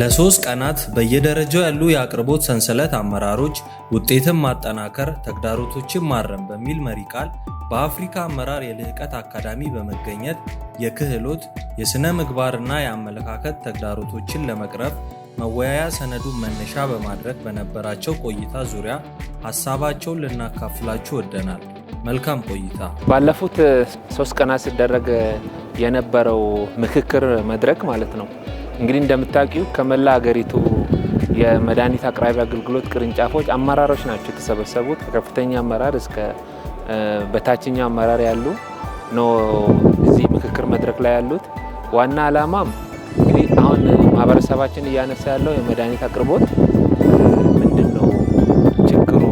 ለሶስት ቀናት በየደረጃው ያሉ የአቅርቦት ሰንሰለት አመራሮች ውጤትን ማጠናከር ተግዳሮቶችን ማረም በሚል መሪ ቃል በአፍሪካ አመራር የልህቀት አካዳሚ በመገኘት የክህሎት የሥነ ምግባርና የአመለካከት ተግዳሮቶችን ለመቅረብ መወያያ ሰነዱን መነሻ በማድረግ በነበራቸው ቆይታ ዙሪያ ሀሳባቸውን ልናካፍላችሁ ወደናል። መልካም ቆይታ። ባለፉት ሶስት ቀናት ሲደረግ የነበረው ምክክር መድረክ ማለት ነው እንግዲህ እንደምታውቂው ከመላ ሀገሪቱ የመድኃኒት አቅራቢ አገልግሎት ቅርንጫፎች አመራሮች ናቸው የተሰበሰቡት። ከከፍተኛ አመራር እስከ በታችኛው አመራር ያሉ ነው እዚህ ምክክር መድረክ ላይ ያሉት። ዋና ዓላማም እንግዲህ አሁን ማህበረሰባችን እያነሳ ያለው የመድኃኒት አቅርቦት ምንድን ነው ችግሩ?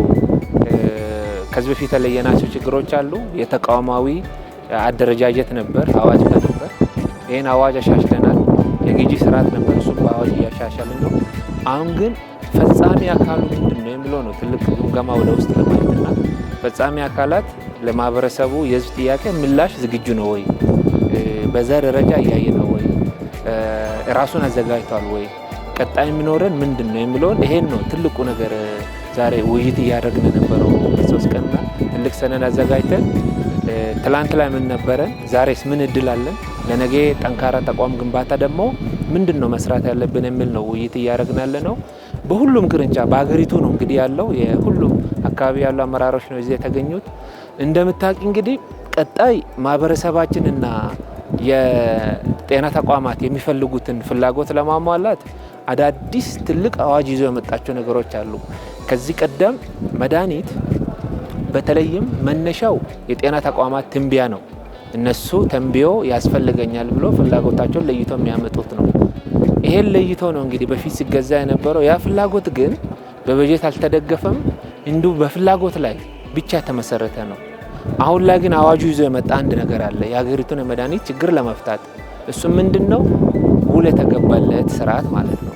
ከዚህ በፊት የተለየናቸው ችግሮች አሉ። የተቋማዊ አደረጃጀት ነበር፣ አዋጅ ነበር። ይህን አዋጅ አሻሽለን የግዢ ስርዓት ነበር። እሱ በአዋጅ እያሻሻልን ነው። አሁን ግን ፈጻሚ አካሉ ምንድን ነው የሚለው ነው ትልቅ ግምገማ ወደ ውስጥ ለማለትና ፈጻሚ አካላት ለማህበረሰቡ የህዝብ ጥያቄ ምላሽ ዝግጁ ነው ወይ፣ በዛ ደረጃ እያየ ነው ወይ፣ ራሱን አዘጋጅቷል ወይ፣ ቀጣይ የሚኖረን ምንድን ነው የሚለውን ይሄን ነው ትልቁ ነገር። ዛሬ ውይይት እያደረግን ነበረው ሶስት ቀንና ትልቅ ሰነድ አዘጋጅተን ትላንት ላይ ምን ነበረን፣ ዛሬስ ምን እድል አለን ለነገ ጠንካራ ተቋም ግንባታ ደግሞ ምንድን ነው መስራት ያለብን የሚል ነው ውይይት እያደረግን ያለ ነው። በሁሉም ቅርንጫፍ በሀገሪቱ ነው እንግዲህ ያለው የሁሉም አካባቢ ያሉ አመራሮች ነው እዚህ የተገኙት። እንደምታውቂ እንግዲህ ቀጣይ ማህበረሰባችንና የጤና ተቋማት የሚፈልጉትን ፍላጎት ለማሟላት አዳዲስ ትልቅ አዋጅ ይዞ የመጣቸው ነገሮች አሉ። ከዚህ ቀደም መድኃኒት በተለይም መነሻው የጤና ተቋማት ትንቢያ ነው። እነሱ ተንብዮ ያስፈልገኛል ብሎ ፍላጎታቸውን ለይቶ የሚያመጡት ነው። ይሄን ለይቶ ነው እንግዲህ በፊት ሲገዛ የነበረው። ያ ፍላጎት ግን በበጀት አልተደገፈም፣ እንዲሁ በፍላጎት ላይ ብቻ ተመሰረተ ነው። አሁን ላይ ግን አዋጁ ይዞ የመጣ አንድ ነገር አለ፣ የሀገሪቱን የመድኃኒት ችግር ለመፍታት እሱ ምንድን ነው? ውል የተገባለት ስርዓት ማለት ነው።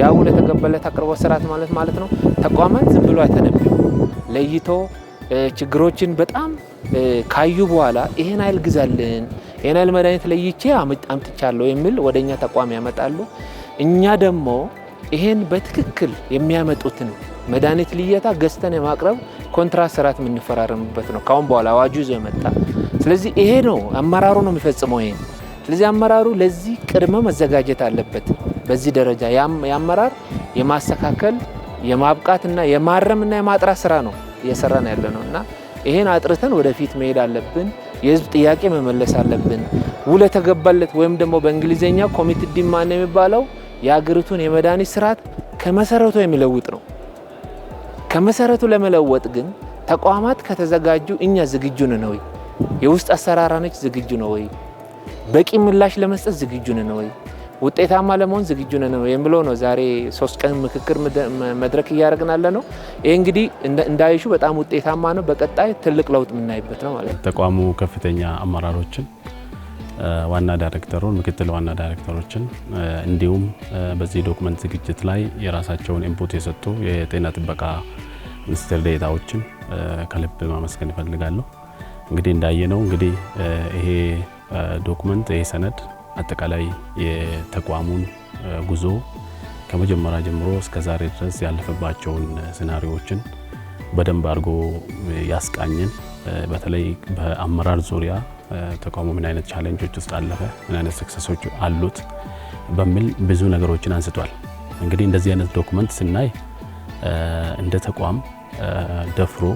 ያ ውል የተገባለት አቅርቦት ስርዓት ማለት ማለት ነው። ተቋማት ዝም ብሎ አይተነብዩ ለይቶ ችግሮችን በጣም ካዩ በኋላ ይሄን አይል ግዛልን፣ ይሄን አይል መድኃኒት ለይቼ አምጥቻለሁ የሚል ወደኛ ተቋም ያመጣሉ። እኛ ደግሞ ይሄን በትክክል የሚያመጡትን መድኃኒት ልየታ ገዝተን የማቅረብ ኮንትራት ስርዓት የምንፈራረምበት ነው ካሁን በኋላ አዋጁ ይዞ የመጣ ስለዚህ ይሄ ነው አመራሩ ነው የሚፈጽመው ይሄን ስለዚህ አመራሩ ለዚህ ቅድመ መዘጋጀት አለበት በዚህ ደረጃ የአመራር የማስተካከል የማብቃትና የማረምና የማጥራት ስራ ነው እየሰራን ያለ ነው እና ይሄን አጥርተን ወደፊት መሄድ አለብን። የህዝብ ጥያቄ መመለስ አለብን። ውል የተገባለት ወይም ደግሞ በእንግሊዝኛ ኮሚትድ ዲማንድ የሚባለው የሀገሪቱን የመድኃኒት ስርዓት ከመሰረቱ የሚለውጥ ነው። ከመሰረቱ ለመለወጥ ግን ተቋማት ከተዘጋጁ እኛ ዝግጁ ነን ወይ? የውስጥ አሰራራኖች ዝግጁ ነው ወይ? በቂ ምላሽ ለመስጠት ዝግጁ ነን ወይ? ውጤታማ ለመሆን ዝግጁ ነን ነው የምለው ነው። ዛሬ ሶስት ቀን ምክክር መድረክ እያደረግናለ ነው። ይህ እንግዲህ እንዳይሹ በጣም ውጤታማ ነው። በቀጣይ ትልቅ ለውጥ የምናይበት ነው ማለት ነው። ተቋሙ ከፍተኛ አመራሮችን፣ ዋና ዳይሬክተሩን፣ ምክትል ዋና ዳይሬክተሮችን እንዲሁም በዚህ ዶክመንት ዝግጅት ላይ የራሳቸውን ኢንፑት የሰጡ የጤና ጥበቃ ሚኒስቴር ዴኤታዎችን ከልብ ማመስገን እፈልጋለሁ። እንግዲህ እንዳየነው እንግዲህ ይሄ ዶክመንት ይሄ ሰነድ አጠቃላይ የተቋሙን ጉዞ ከመጀመሪያ ጀምሮ እስከ ዛሬ ድረስ ያለፈባቸውን ሲናሪዎችን በደንብ አድርጎ ያስቃኝን። በተለይ በአመራር ዙሪያ ተቋሙ ምን አይነት ቻሌንጆች ውስጥ አለፈ፣ ምን አይነት ስክሰሶች አሉት በሚል ብዙ ነገሮችን አንስቷል። እንግዲህ እንደዚህ አይነት ዶክመንት ስናይ እንደ ተቋም ደፍሮ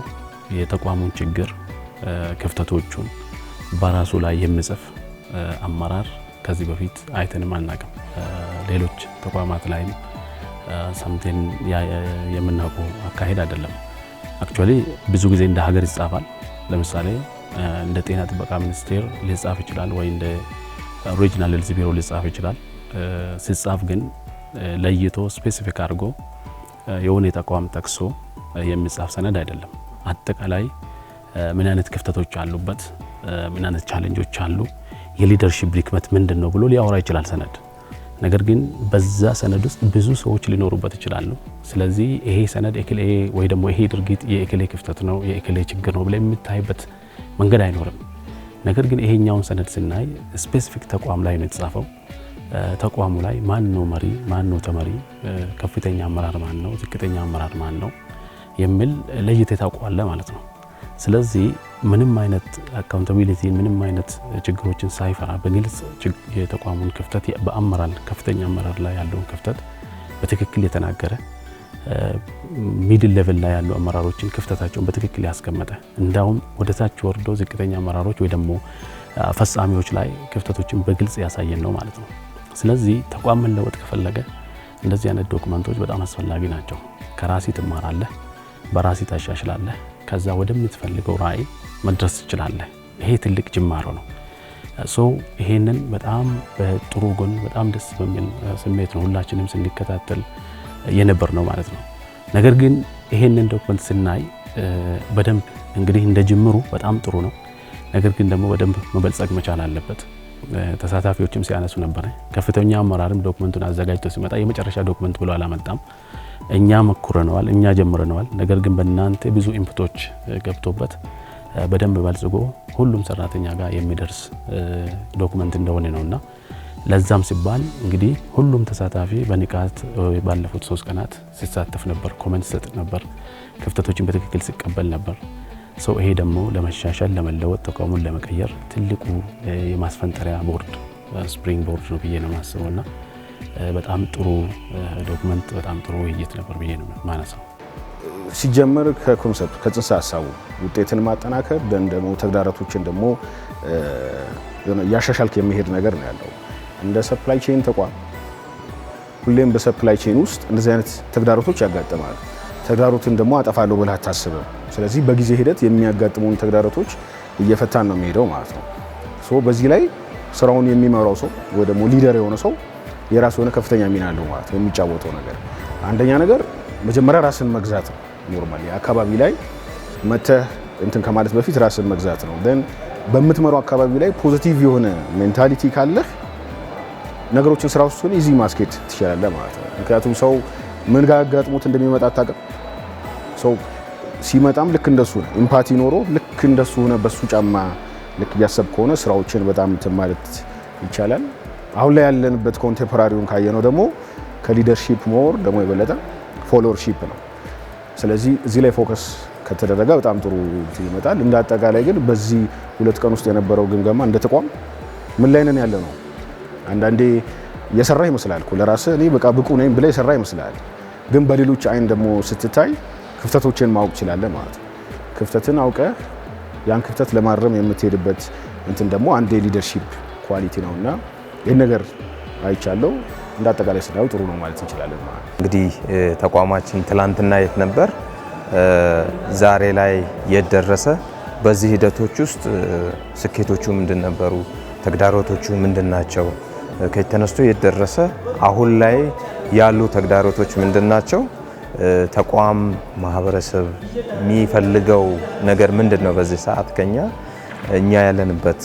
የተቋሙን ችግር ክፍተቶቹን በራሱ ላይ የሚጽፍ አመራር ከዚህ በፊት አይተንም አናቅም። ሌሎች ተቋማት ላይም ሰምቴን የምናውቁ አካሄድ አይደለም። አክቹዋሊ ብዙ ጊዜ እንደ ሀገር ይጻፋል። ለምሳሌ እንደ ጤና ጥበቃ ሚኒስቴር ሊጻፍ ይችላል ወይ እንደ ሪጅናል ሄልዝ ቢሮ ሊጻፍ ይችላል። ሲጻፍ ግን ለይቶ ስፔሲፊክ አድርጎ የሆነ ተቋም ጠቅሶ የሚጻፍ ሰነድ አይደለም። አጠቃላይ ምን አይነት ክፍተቶች አሉበት፣ ምን አይነት ቻለንጆች አሉ የሊደርሺፕ ድክመት ምንድን ነው ብሎ ሊያወራ ይችላል ሰነድ። ነገር ግን በዛ ሰነድ ውስጥ ብዙ ሰዎች ሊኖሩበት ይችላሉ። ስለዚህ ይሄ ሰነድ ኤክሌ ወይ ደግሞ ይሄ ድርጊት የኤክሌ ክፍተት ነው የኤክሌ ችግር ነው ብለ የምታይበት መንገድ አይኖርም። ነገር ግን ይሄኛውን ሰነድ ስናይ ስፔሲፊክ ተቋም ላይ ነው የተጻፈው። ተቋሙ ላይ ማን ነው መሪ፣ ማን ነው ተመሪ፣ ከፍተኛ አመራር ማን ነው፣ ዝቅተኛ አመራር ማን ነው የሚል ለይቴ ታውቋለ ማለት ነው። ስለዚህ ምንም አይነት አካውንታቢሊቲ ምንም አይነት ችግሮችን ሳይፈራ በግልጽ የተቋሙን ክፍተት በአመራር ከፍተኛ አመራር ላይ ያለውን ክፍተት በትክክል የተናገረ ሚድል ሌቭል ላይ ያሉ አመራሮችን ክፍተታቸውን በትክክል ያስቀመጠ እንዳውም ወደታች ወርዶ ዝቅተኛ አመራሮች ወይ ደግሞ ፈጻሚዎች ላይ ክፍተቶችን በግልጽ ያሳየን ነው ማለት ነው። ስለዚህ ተቋም መለወጥ ከፈለገ እንደዚህ አይነት ዶክመንቶች በጣም አስፈላጊ ናቸው። ከራሲ ትማራለህ፣ በራሲ ታሻሽላለህ። ከዛ ወደምትፈልገው ራዕይ መድረስ ትችላለህ። ይሄ ትልቅ ጅማሮ ነው። ሰው ይሄንን በጣም በጥሩ ጎን በጣም ደስ በሚል ስሜት ነው ሁላችንም ስንከታተል የነበር ነው ማለት ነው። ነገር ግን ይሄንን ዶክመንት ስናይ በደንብ እንግዲህ እንደ ጅምሩ በጣም ጥሩ ነው። ነገር ግን ደግሞ በደንብ መበልጸግ መቻል አለበት። ተሳታፊዎችም ሲያነሱ ነበረ። ከፍተኛ አመራርም ዶክመንቱን አዘጋጅቶ ሲመጣ የመጨረሻ ዶክመንት ብሎ አላመጣም። እኛ መኩረነዋል፣ እኛ ጀምረነዋል። ነገር ግን በእናንተ ብዙ ኢንፑቶች ገብቶበት በደንብ በልጽጎ ሁሉም ሰራተኛ ጋር የሚደርስ ዶክመንት እንደሆነ ነውና ለዛም ሲባል እንግዲህ ሁሉም ተሳታፊ በንቃት ባለፉት ሶስት ቀናት ሲሳተፍ ነበር፣ ኮመንት ሲሰጥ ነበር፣ ክፍተቶችን በትክክል ሲቀበል ነበር። ሰው ይሄ ደግሞ ለመሻሻል ለመለወጥ ተቋሙን ለመቀየር ትልቁ የማስፈንጠሪያ ቦርድ ስፕሪንግ ቦርድ ነው ብዬ ነው የማስበውና በጣም ጥሩ ዶክመንት፣ በጣም ጥሩ ውይይት ነበር ብዬ ነው ማነሳው። ሲጀመር ከኮንሰፕት ከጽንሰ ሀሳቡ ውጤትን ማጠናከር ደግሞ ተግዳሮቶችን ደግሞ ያሻሻልክ የሚሄድ ነገር ነው ያለው። እንደ ሰፕላይ ቼን ተቋም ሁሌም በሰፕላይ ቼን ውስጥ እንደዚህ አይነት ተግዳሮቶች ያጋጥማል። ተግዳሮትን ደግሞ አጠፋለሁ ብለህ አታስብም። ስለዚህ በጊዜ ሂደት የሚያጋጥሙን ተግዳሮቶች እየፈታን ነው የሚሄደው ማለት ነው። በዚህ ላይ ስራውን የሚመራው ሰው ወይ ደግሞ ሊደር የሆነ ሰው የራሱ የሆነ ከፍተኛ ሚና አለው ማለት ነው የሚጫወተው ነገር። አንደኛ ነገር መጀመሪያ ራስን መግዛት ነው። ኖርማሊ አካባቢ ላይ መተህ እንትን ከማለት በፊት ራስን መግዛት ነው። ን በምትመራው አካባቢ ላይ ፖዚቲቭ የሆነ ሜንታሊቲ ካለህ ነገሮችን ስራ ውስጥ ሆነ ኢዚ ማስኬድ ትችላለህ ማለት ነው። ምክንያቱም ሰው ምን ጋር አጋጥሞት እንደሚመጣ አታውቅም። ሰው ሲመጣም ልክ እንደሱ ነው ኢምፓቲ ኖሮ ልክ እንደሱ ሆነ በሱ ጫማ ልክ እያሰብ ከሆነ ስራዎችን በጣም እንትን ማለት ይቻላል። አሁን ላይ ያለንበት ኮንቴምፖራሪውን ካየነው ደግሞ ከሊደርሺፕ ሞር ደግሞ የበለጠ ፎሎወርሺፕ ነው። ስለዚህ እዚህ ላይ ፎከስ ከተደረገ በጣም ጥሩ ይመጣል። እንደ አጠቃላይ ግን በዚህ ሁለት ቀን ውስጥ የነበረው ግምገማ እንደ ተቋም ምን ላይ ነን ያለ ነው። አንዳንዴ የሰራ ይመስላል ለራስ እኔ በቃ ብቁ ነኝ ብለ የሰራ ይመስላል፣ ግን በሌሎች አይን ደግሞ ስትታይ ክፍተቶችን ማወቅ ችላለ ማለት ነው። ክፍተትን አውቀ ያን ክፍተት ለማረም የምትሄድበት እንትን ደግሞ አንድ የሊደርሺፕ ኳሊቲ ነውና ይህን ነገር አይቻለው። እንዳጠቃላይ ስናየው ጥሩ ነው ማለት እንችላለን። እንግዲህ ተቋማችን ትላንትና የት ነበር፣ ዛሬ ላይ የት ደረሰ፣ በዚህ ሂደቶች ውስጥ ስኬቶቹ ምንድን ነበሩ፣ ተግዳሮቶቹ ምንድን ናቸው፣ ከየት ተነስቶ የት ደረሰ፣ አሁን ላይ ያሉ ተግዳሮቶች ምንድን ናቸው፣ ተቋም ማህበረሰብ የሚፈልገው ነገር ምንድን ነው፣ በዚህ ሰዓት ከኛ እኛ ያለንበት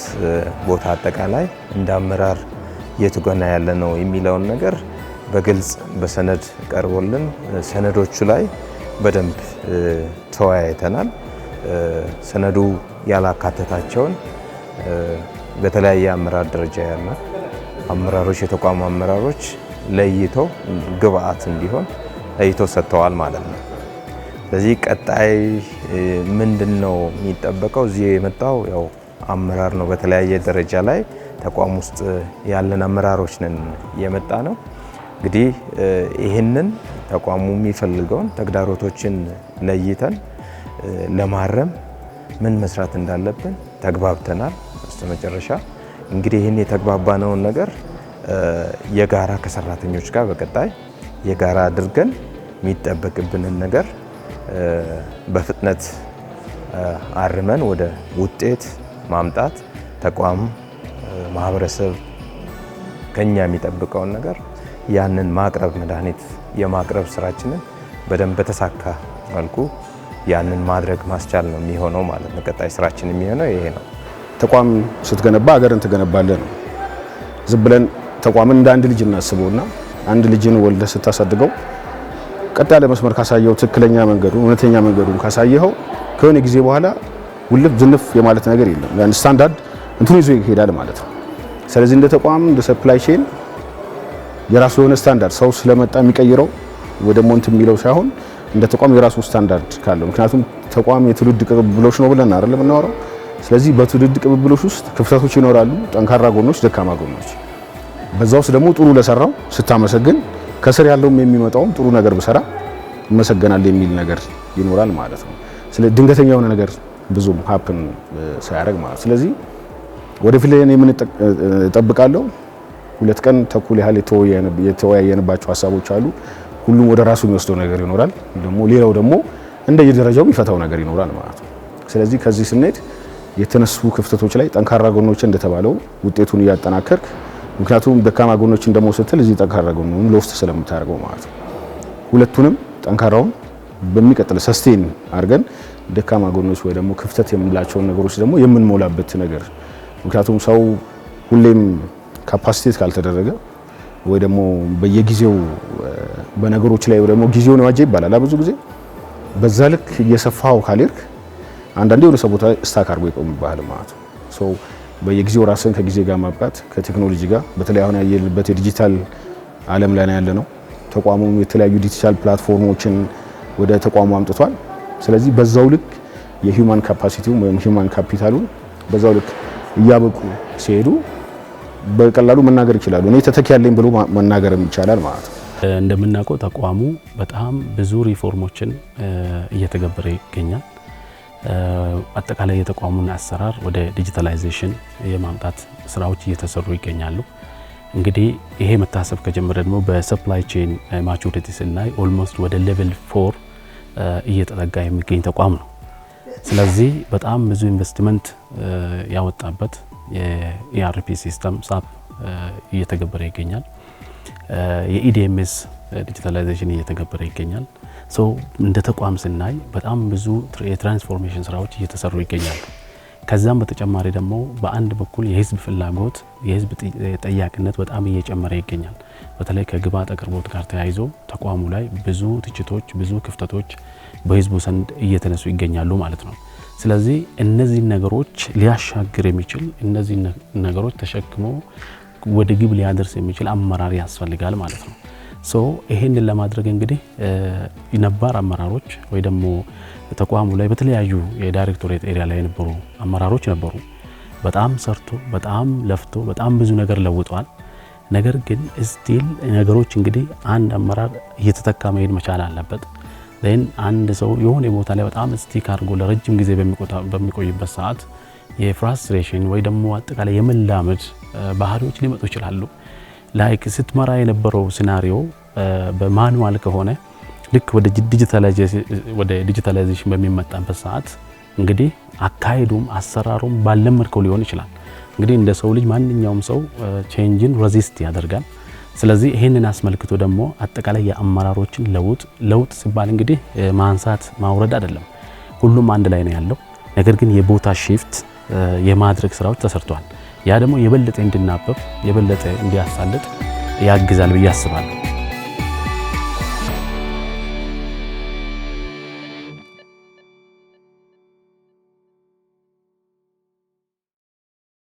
ቦታ አጠቃላይ እንደ አመራር የትጎና ያለ ነው የሚለውን ነገር በግልጽ በሰነድ ቀርቦልን ሰነዶቹ ላይ በደንብ ተወያይተናል። ሰነዱ ያላካተታቸውን በተለያየ አመራር ደረጃ ያለ አመራሮች የተቋሙ አመራሮች ለይተው ግብአት እንዲሆን ለይተው ሰጥተዋል ማለት ነው። ስለዚህ ቀጣይ ምንድን ነው የሚጠበቀው? እዚህ የመጣው ያው አመራር ነው በተለያየ ደረጃ ላይ ተቋም ውስጥ ያለን አመራሮች ነን የመጣ ነው። እንግዲህ ይህንን ተቋሙ የሚፈልገውን ተግዳሮቶችን ለይተን ለማረም ምን መስራት እንዳለብን ተግባብተናል። መጨረሻ እንግዲህ ይህን የተግባባነውን ነገር የጋራ ከሰራተኞች ጋር በቀጣይ የጋራ አድርገን የሚጠበቅብንን ነገር በፍጥነት አርመን ወደ ውጤት ማምጣት ተቋም ማህበረሰብ ከኛ የሚጠብቀውን ነገር ያንን ማቅረብ መድኃኒት የማቅረብ ስራችንን በደንብ በተሳካ መልኩ ያንን ማድረግ ማስቻል ነው የሚሆነው ማለት ነው። ቀጣይ ስራችን የሚሆነው ይሄ ነው። ተቋም ስትገነባ ሀገርን ትገነባለህ ነው። ዝም ብለን ተቋምን እንደ አንድ ልጅ እናስበውና አንድ ልጅን ወልደህ ስታሳድገው ቀጥ ያለ መስመር ካሳየው፣ ትክክለኛ መንገዱ እውነተኛ መንገዱን ካሳየኸው ከሆነ ጊዜ በኋላ ውልፍ ዝንፍ የማለት ነገር የለም። ያን ስታንዳርድ እንትኑ ይዞ ይሄዳል ማለት ነው። ስለዚህ እንደ ተቋም እንደ ሰፕላይ ቼን የራሱ የሆነ ስታንዳርድ ሰው ስለመጣ የሚቀይረው ወደ ሞንት የሚለው ሳይሆን እንደ ተቋም የራሱ ስታንዳርድ ካለው ምክንያቱም ተቋም የትውልድ ቅብብሎች ነው ብለን አይደለም እናወራው። ስለዚህ በትውልድ ቅብብሎች ውስጥ ክፍተቶች ይኖራሉ፣ ጠንካራ ጎኖች፣ ደካማ ጎኖች። በዛ ውስጥ ደግሞ ጥሩ ለሰራው ስታመሰግን፣ ከስር ያለውም የሚመጣውም ጥሩ ነገር ብሰራ ይመሰገናል የሚል ነገር ይኖራል ማለት ነው። ድንገተኛ የሆነ ነገር ብዙም ሀፕን ሳያደርግ ማለት ስለዚህ ወደፊት ላይ ምን እጠብቃለሁ? ሁለት ቀን ተኩል ያህል የተወያየንባቸው ሀሳቦች አሉ። ሁሉም ወደ ራሱ የሚወስደው ነገር ይኖራል። ደግሞ ሌላው ደግሞ እንደየደረጃው የሚፈታው ነገር ይኖራል ማለት ነው። ስለዚህ ከዚህ ስንሄድ የተነሱ ክፍተቶች ላይ ጠንካራ ጎኖች እንደተባለው ውጤቱን እያጠናከርክ ምክንያቱም ደካማ ጎኖችን ደግሞ ስትል እዚህ ጠንካራ ጎኑን ለውስጥ ስለምታደርገው ማለት ነው። ሁለቱንም ጠንካራውን በሚቀጥል ሰስቴን አድርገን ደካማ ጎኖች ወይ ደግሞ ክፍተት የምንላቸውን ነገሮች ደግሞ የምንሞላበት ነገር ምክንያቱም ሰው ሁሌም ካፓሲቴት ካልተደረገ ወይ ደግሞ በየጊዜው በነገሮች ላይ ደግሞ ጊዜውን ዋጀ ይባላል ብዙ ጊዜ በዛ ልክ እየሰፋው ካልሄድክ አንዳንዴ ወደ ሰው ቦታ ስታክ ይቆም ይቆምብሃል ማለት ነው። በየጊዜው ራስን ከጊዜ ጋር ማብቃት ከቴክኖሎጂ ጋር በተለይ አሁን ያየልበት የዲጂታል ዓለም ላይ ያለ ነው። ተቋሙም የተለያዩ ዲጂታል ፕላትፎርሞችን ወደ ተቋሙ አምጥቷል። ስለዚህ በዛው ልክ የሂውማን ካፓሲቲውም ወይም ሂውማን ካፒታሉን በዛው ልክ እያበቁ ሲሄዱ በቀላሉ መናገር ይችላሉ። እኔ ተተኪ ያለኝ ብሎ መናገርም ይቻላል ማለት ነው። እንደምናውቀው ተቋሙ በጣም ብዙ ሪፎርሞችን እየተገበረ ይገኛል። አጠቃላይ የተቋሙን አሰራር ወደ ዲጂታላይዜሽን የማምጣት ስራዎች እየተሰሩ ይገኛሉ። እንግዲህ ይሄ መታሰብ ከጀመረ ደግሞ በሰፕላይ ቼን ማቹሪቲ ስናይ ኦልሞስት ወደ ሌቨል ፎር እየተጠጋ የሚገኝ ተቋም ነው። ስለዚህ በጣም ብዙ ኢንቨስትመንት ያወጣበት የኢአርፒ ሲስተም ሳፕ እየተገበረ ይገኛል። የኢዲኤምኤስ ዲጂታላይዜሽን እየተገበረ ይገኛል። ሶ እንደ ተቋም ስናይ በጣም ብዙ የትራንስፎርሜሽን ስራዎች እየተሰሩ ይገኛሉ። ከዛም በተጨማሪ ደግሞ በአንድ በኩል የህዝብ ፍላጎት የህዝብ ጠያቂነት በጣም እየጨመረ ይገኛል። በተለይ ከግብዓት አቅርቦት ጋር ተያይዞ ተቋሙ ላይ ብዙ ትችቶች፣ ብዙ ክፍተቶች በህዝቡ ዘንድ እየተነሱ ይገኛሉ ማለት ነው። ስለዚህ እነዚህን ነገሮች ሊያሻግር የሚችል እነዚህ ነገሮች ተሸክሞ ወደ ግብ ሊያደርስ የሚችል አመራር ያስፈልጋል ማለት ነው። ሶ ይሄንን ለማድረግ እንግዲህ ነባር አመራሮች ወይ ደግሞ ተቋሙ ላይ በተለያዩ የዳይሬክቶሬት ኤሪያ ላይ የነበሩ አመራሮች ነበሩ። በጣም ሰርቶ በጣም ለፍቶ በጣም ብዙ ነገር ለውጠዋል። ነገር ግን ስቲል ነገሮች እንግዲህ አንድ አመራር እየተተካ መሄድ መቻል አለበት። ን አንድ ሰው የሆነ ቦታ ላይ በጣም ስቲክ አድርጎ ለረጅም ጊዜ በሚቆይበት ሰዓት የፍራስትሬሽን ወይ ደግሞ አጠቃላይ የመላመድ ባህሪዎች ሊመጡ ይችላሉ። ላይክ ስትመራ የነበረው ሲናሪዮ በማኑዋል ከሆነ ልክ ወደ ዲጂታላይዜሽን በሚመጣበት ሰዓት እንግዲህ አካሄዱም አሰራሩም ባልለመድከው ሊሆን ይችላል። እንግዲህ እንደ ሰው ልጅ ማንኛውም ሰው ቼንጅን ሬዚስት ያደርጋል። ስለዚህ ይህንን አስመልክቶ ደግሞ አጠቃላይ የአመራሮችን ለውጥ ለውጥ ሲባል እንግዲህ ማንሳት ማውረድ አይደለም፣ ሁሉም አንድ ላይ ነው ያለው። ነገር ግን የቦታ ሺፍት የማድረግ ስራዎች ተሰርተዋል። ያ ደግሞ የበለጠ እንድናበብ የበለጠ እንዲያሳልጥ ያግዛል ብዬ አስባለሁ።